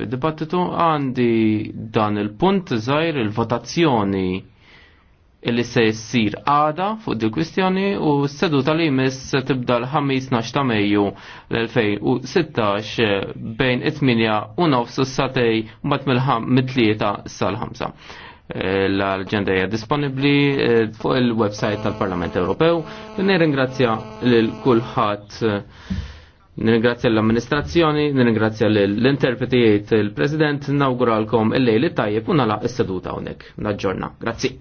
Fid-dibattitu għandi dan il-punt żgħir il-votazzjoni illi se jessir għada fuq di kwistjoni u s-seduta li jmiss se tibda l-5 ta' Mejju l-2016 bejn 8 u 9 s-satej bat mill-3 sal-5. L-agenda hija disponibbli eh, fuq il-website tal-Parlament Ewropew. Nirringrazzja lil kulħadd eh, Nirringrazzja l-amministrazzjoni, nirringrazzja l-interpretijiet il-President, nawguralkom il-lejli tajjeb u nalaq is-seduta hawnhekk. Naġġorna. Grazzi.